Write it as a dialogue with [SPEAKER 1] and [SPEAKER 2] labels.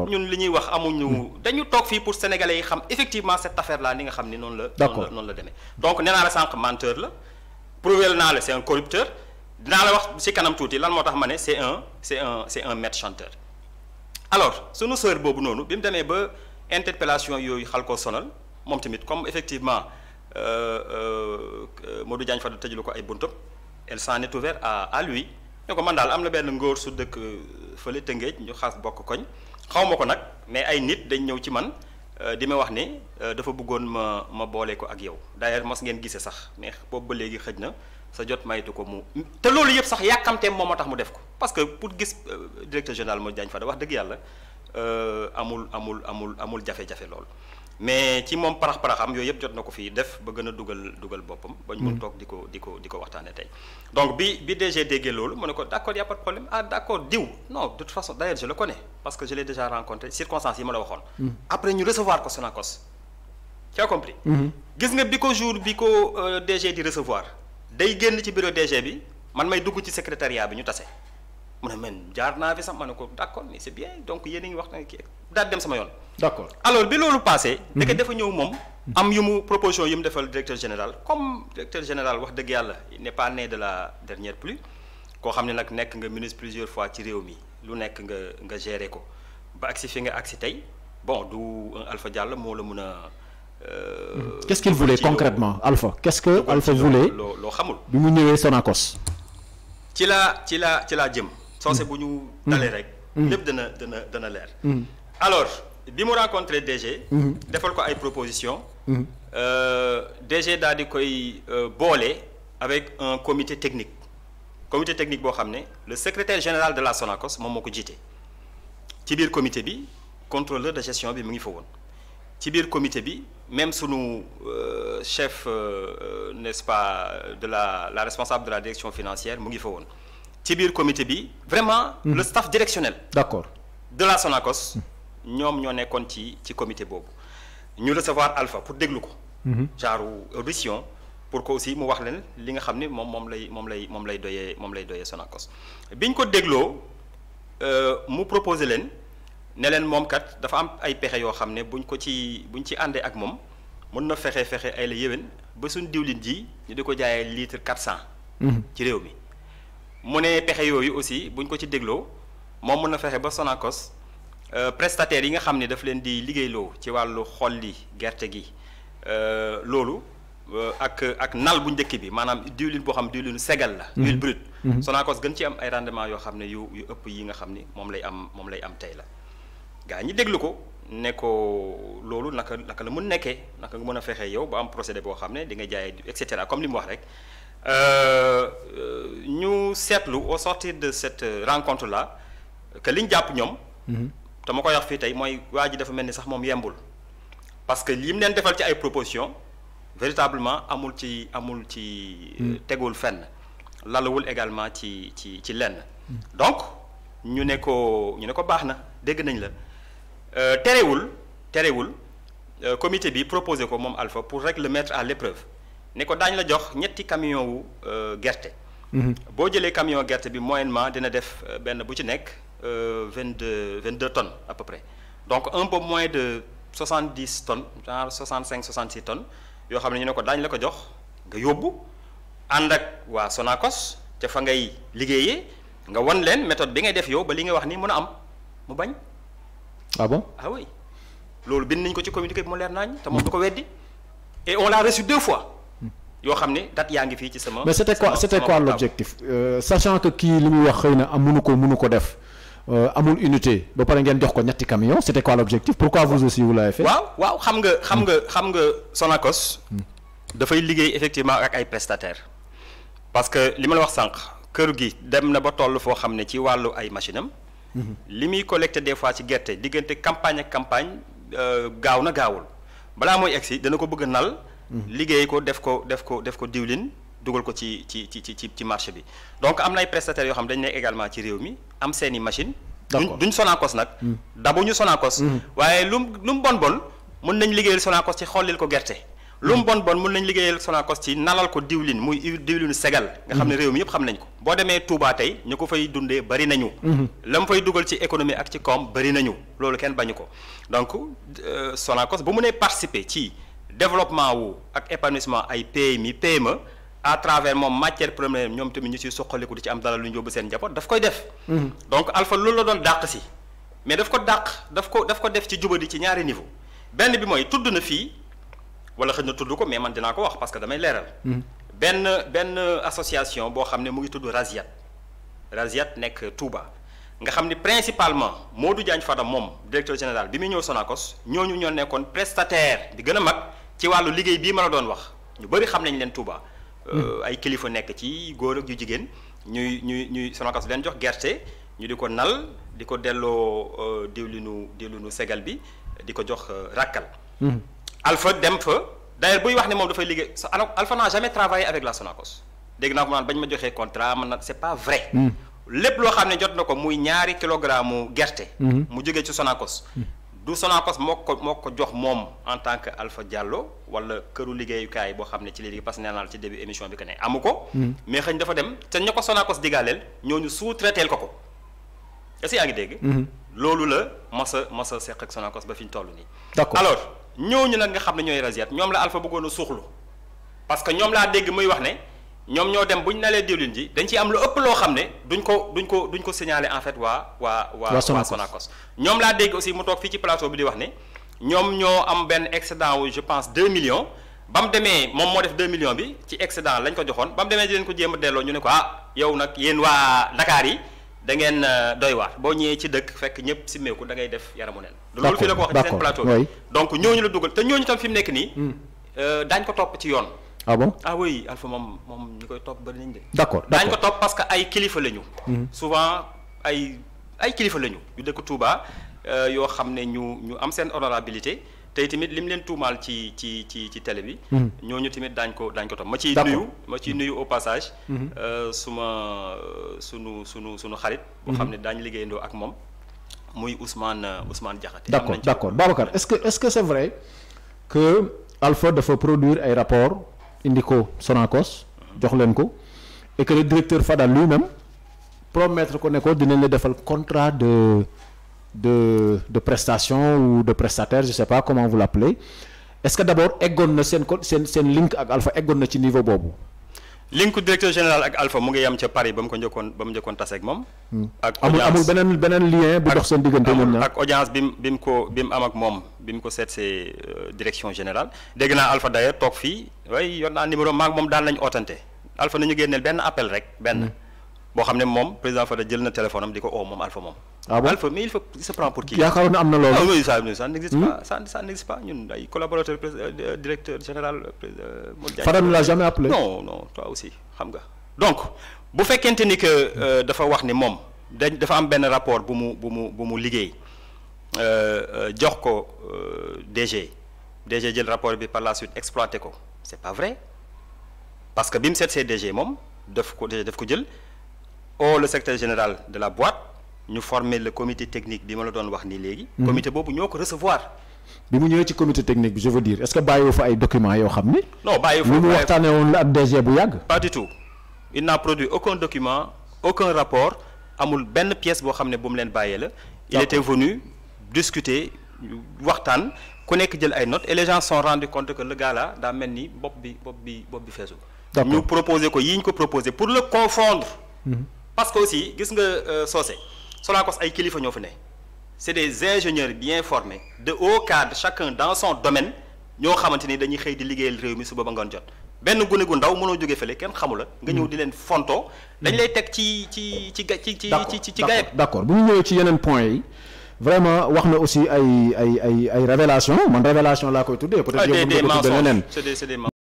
[SPEAKER 1] accord ñun li ñuy wax amuñu. dañu toog fii pour sénégale yi xam effectivement cette affaire là ni nga xam ni noonu la. d' noonu la deme donc neenaa la sànq menteur la prouvé naa la c' est un corrupteur dinaa la wax si kanam tuuti lan moo tax ma est un c' est un c' est un maître chanteur. alors sunu sœur boobu noonu bi mu demee ba interpellation yooyu xal ko sonal moom tamit comme effectivement euh, euh, Modou Diagne Fada tëjlu ko ay buntam elle s'en est ouverte à à lui. ko man daal am na benn ngóor su dëkk euh, fële Tëngéej ñu xas bokk koñ xaw ma ko nag mais ay nit dañ ñëw ci man euh, di ma wax ni euh, dafa bëggoon ma ma boole ko ak yow d'ailleurs mas ngeen gisee sax mais boobu ba léegi xëj na sa jot maytu ko mu te loolu yëpp sax yàkkamteem moom ma tax mu def ko parce que pour gis euh, directeur général Modou Diagne Fada wax dëgg yàlla amul amul amul amul jafe-jafe lool. mais ci moom parax paraxam yooy yëpp jot na ko fii def ba gën a dugal dugal boppam. ba ñu mun mm. toog di ko di ko di ko waxtaanee tey. donc bi bi DG déggee loolu mu ne ko d' accord y' a pas de problème ah d' accord diw non de toute façon d' ailleurs je le connais parce que je déjà rencontré circonstances yi ma la waxoon. Mm. après ñu recevoir ko Sonacos. tu as compris. Mm-hmm. gis nga bi ko jour bi ko euh, DG di recevoir day génn ci bureau DG bi man may dugg ci secrétariat bi ñu tase. mun ne man jaar naa fi sax ma ne ko d' accord mais bien donc yéen a ngi wax na kii daal dem sama yoon. d' accord alors bi loolu passé. Mhm. ndeke dafa ñëw moom. am yu mu proposition yu mu defal directeur général comme directeur général wax dëgg yàlla il pas né de la dernière pluie koo xam ne nag nekk nga ministre plusieurs fois ci réew mi lu nekk nga nga gérer ko ba agsi fi nga agsi tey bon du alfa Diallo moo la mun a. Euh, mhm. qu' est ce qu' il voulait concrètement
[SPEAKER 2] Alpha qu' est loo loo xamul. bi mu ñëwee Sonacos.
[SPEAKER 1] ci la ci la ci la jëm. soose bu ñu dalee rek mm. lépp dana dana dana leer mm. alors bi mu rencontré DG mm-hmm. defal ko ay proposition mm-hmm. euh, DG daal di koy euh, boole avec un comité technique comité technique boo xam ne le secretaire général de la Sonacos moom moo ko jiite ci biir comité bi contrôleur de gestion bi mu ngi fa woon ci biir comité bi même sunu euh, chef n'est-ce pas de la la responsable de la direction financière mu ngi fa woon ci biir comité bi vraiment. Mhm. le staff directionnel. d'accord de la Sonacos. ñoom ñoo nekkoon ci ci comité boobu ñu recevoir Alpha pour déglu ko. Mhm. genre audition pour ko aussi mu wax leen li nga xam ni moom moom lay moom lay moom lay doyee moom lay doyee Sonacos biñ ko dégloo euh, mu proposé leen ne leen moom kat dafa am ay pexe yoo xam ne buñ ko ci buñ ci àndee ak moom mën na fexe fexe ay la yéwén ba suñ diwlin ji ñu di ko jaayee litre quatre cent. Mhm. ci réew mi. mu ne pexe yooyu aussi buñ ko ci dégloo moom mën na fexe ba sonakos euh, prestataires yi nga xam ne daf leen di liggéeyloo ci wàllu xolli gerte gi euh, loolu euh, ak ak nal bu njëkk bi maanaam diwlin boo xam diwlinu segal la. Mm-hmm. huile brute. Mm-hmm. Sonacos gën ci am ay rendement yoo xam ne yu yu ëpp yi nga xam ni moom lay am moom lay am tey la gaa ñi déglu ko ne ko loolu naka naka la mun nekkee naka nga mën a fexe yow ba am procédé boo xam ne di nga jaay et comme li mu wax rek. Euh, euh, ñu seetlu au sortir de cette euh, rencontre là que li jàpp ñoom. Mhm. te ma koy wax fii tey mooy waa ji dafa mel ni sax moom yembul. parce que li mu leen defal ci ay propositions véritablement amul ci amul ci. Mhm. tegul fenn lalawul également ci ci ci lenn. Mhm. donc ñu ne ko ñu ne ko baax na dégg nañ la terewul terewul comité bi proposé ko moom alfa pour rek le mettre à l'épreuve ni ko daañu la jox ñetti camion wu euh, gerte. Mm-hmm. boo jëlee camion gerte bi moyennement dina def euh, benn bu ci nekk euh, vingt deux vingt deux tonnes à peu près donc un peu moins de soixante dix tonnes genre soixante cinq soixante six tonnes yoo xam ne ñu ne ko daañu la ko jox nga yóbbu ànd ak waa sonakos te fa ngay liggéeyee nga wan leen méthode bi ngay def yow ba li ngay wax ni mën a am mu bañ. ah bon ah oui loolu bind nañ ko ci communiqué bi mu leer nañ te moom du ko weddi et on l'a reçu fois. yoo xam ne date yaa ngi fii ci sama. mais c'était quoi c'était quoi
[SPEAKER 2] l'objectif euh, sachant kii li muy wax xëy na am mënu ko mënu ko def euh, amul unité ba pare ngeen jox ko ñetti camion c'était quoi pour pourquoi vous aussi vous l'avez fait. waaw
[SPEAKER 1] waaw xam nga xam hmm. nga xam nga sonakos hmm. dafay liggéey effectivement ak ay prestataires. parce que li ma la wax sànq kër gi dem na ba toll foo xam ne ci wàllu ay machine am. Hmm. li muy collecté des fois ci gerte diggante campagne ak campagne euh, gaaw na gaawul balaa mooy egsi dana ko bëgg nal. liggéey ko def ko def ko def ko diwlin dugal ko ci ci ci ci ci marché bi donc am na ay yoo xam dañ nekk également ci réew mi am seen i machine duñ duñ Sonacos nag mm. dabu ñu Sonacos mm. waaye lu lu mu bon bon mën nañ liggéeyal Sonacos ci xollil ko gerte lu mu mm. bon bon mën nañ liggéeyal Sonacos ci nalal ko diwlin muy diwlinu segal nga xam ne réew mi yëpp xam nañ ko boo demee Touba tey ñu ko fay dundee bari nañu mm-hmm. la mu fay dugal ci économie ak ci koom bari nañu loolu kenn bañu ko donc euh, Sonacos bu mu nee participer ci développement wu ak épanouissement ay PMI PME à travers moom matière première ñoom tamit ñu ci soqaliku di ci am dara lu ñu yóbbu seen njaboot daf koy def. Mhm. donc Alpha loolu la doon dàq si. mais daf ko dàq daf ko daf ko def ci jubadi ci ñaari niveau benn bi mooy tudd na fii wala xëy na tudd ko mais man dinaa ko wax parce que damay leeral. Mhm. benn benn association boo xam ne mu ngi tudd Raziat Raziat nekk Touba. nga xam ni principalement Modou Diagne Fada moom directeur général bi muy ñëw Sonacos ñooñu ñoo nekkoon prestataire di gën a mag. ci wàllu liggéey bii ma la doon wax ñu bari xam nañ leen Touba. Euh, ay kilifa nekk ci góor ak yu jigéen ñuy ñuy ñuy Sonacos leen jox gerte ñu di ko nal di ko delloo euh, diwlinu diwlinu segal bi di ko jox euh, ràkkal mm-hmm. Alpha dem fa d'ailleurs buy wax ne moom dafay liggéey sa Alpha n'a jamais travaillé avec la Sonacos dégg naa ko naan bañ ma joxee contrat man na c'est pas vrai mm-hmm. lépp loo xam ne jot na ko muy ñaari kilogramme gerte mm-hmm. mu jógee ci sonakos du Sonacos moo ko moo ko jox moom en tant que Alpha Diallo wala këru liggéeyukaay boo xam ne ci léegi parce que nee naa la ci début émission bi que ne amu ko. Mm. mais xëñ dafa dem te ña ko Sonacos digaaleel ñooñu sous-traiteel ko ko est-ce que yaa mm-hmm. ba fi ñu toll nii. d'accord alors ñooñu nag nga xam ne ñooy Rasiat ñoom la Alpha bëggoon a suuxlu parce que ñoom laa dégg muy wax ne. ñoom ñoo dem bu ñu nalee diwlin ji dañ ciy am lu ëpp loo xam ne duñ ko duñ ko duñ ko signaler en fait waa waa waa Sonacos ñoom laa dégg aussi mu toog fii ci plateau bi di wax ni ñoom ñoo am benn excédent wu je pense 2 millions ba mu demee moom moo def 2 millions bi ci excédent lañ ko joxoon ba mu demee di leen ko jéem a delloo ñu ne ko ah yow nag yéen waa Dakar yi da ngeen euh, doy waar boo ñëwee ci dëkk fekk ñëpp simmeeku da ngay def yaramu neen loolu fi la ko wax ci donc ñooñu dugal te ñooñu tam fi mu nekk nii hmm. euh, daañ ko topp ci yoon ah bon ah oui Alpha moom moom ñu koy topp bari nañ de. d' accord d' accord daañu ko topp parce que ay kilifa lañu. Mhm. souvent ay ay kilifa lañu yu dëkk Touba euh, yoo xam ne ñu ñu am seen honorabilité tey tamit lim leen tuumaal ci ci ci ci télé bi. Mhm. ñooñu tamit daañ ko daañ ko topp ma ciy nuyu. ma ciy mhm. nuyu au passage. Euh, suma euh, sunu sunu sunu xarit. boo xam ne daañu liggéeyandoo ak moom. muy Ousmane Ousmane Diakhaté. d' accord d'
[SPEAKER 2] accord Babacar est ce que est ce que c' est vrai que Alpha indi ko Sonacos jox leen ko et que directeur Fada lui-même promettre ko ne ko dinañ la defal contrat de de de prestation ou de prestataire je sais pas comment vous l'appelez est-ce que d'abord eggoon na seen co seen seen link ak alfa eggoon na ci niveau boobu
[SPEAKER 1] linku directeur général ak Alpha mu ngi am ca Paris ba mu ko njëkkoon ba mu njëkkoon tase ak moom. Hmm. ak amul amul beneen
[SPEAKER 2] beneen lien bu dox seen diggante ak
[SPEAKER 1] audience bi mu bi mu ko bi mu am ak moom bi mu ko seet see euh, direction général dégg naa Alpha d'ailleurs toog fii waaye yor naa numéro maag moom daal nañu ootante Alpha nañu génneel benn appel rek benn. Hmm. boo xam ne moom président Fada jël na téléphone am di ko oo moom Alpha moom. waaw ah Alpha mais il faut il se prend pour qui. yaakaaroon na am na loolu ah oui ça ça n'existe hmm? pas ça ça n'existe pas ñun ay collaborateur euh, directeur général. Euh, euh, Fada ne l'a jamais appelé. non non toi aussi xam nga donc bu fekkente ni que dafa wax ni moom dañ dafa am benn rapport bu mu bu mu bu mu liggéey jox ko DG DG jël rapport bi par la suite exploité ko c'est pas vrai parce que bi mu seet see DG moom daf ko daf ko jël. au le secrétaire général de la boîte ñu former le comité technique bi ma la doon wax nii léegi. Mhm. comité boobu ñoo ko recevoir.
[SPEAKER 2] bi mu ñëwee ci comité technique bi je veux dire est-ce que bàyyiwoo fa ay documents yoo xam ni.
[SPEAKER 1] non bàyyiwoo fa lu mu
[SPEAKER 2] waxtaanee woon la ak DG bu yàgg.
[SPEAKER 1] pas du tout il n'a produit aucun document aucun rapport amul benn pièce boo xam ne bu mu leen bàyyee la. il était venu discuter waxtaan ku nekk jël ay not et les gens sont rendus compte que le gars daa mel ni bopp bi bopp bi bopp bi feesul. ñu ko yi ñu ko proposé pour le confondre. Mhm. parce que aussi gis nga euh, Socé Sonacos ay kilifa ñoo fa ne c'est des ingénieurs bien formés de haut cadre chacun dans son domaine ñoo xamante ni dañuy xëy di liggéeyal réew mi suba ba ngoon jot benn gune gu ndaw mënoo jógee fële kenn la nga ñëw mm. di leen fontoo dañ lay teg ci ci ci ci ci ci ci gayeb
[SPEAKER 2] d'accord bu ñu ñëwee ci yeneen point yi vraiment wax na aussi ay ay ay révélation man révélation laa koy tuddee peut-être ah, yow mën
[SPEAKER 1] nga ko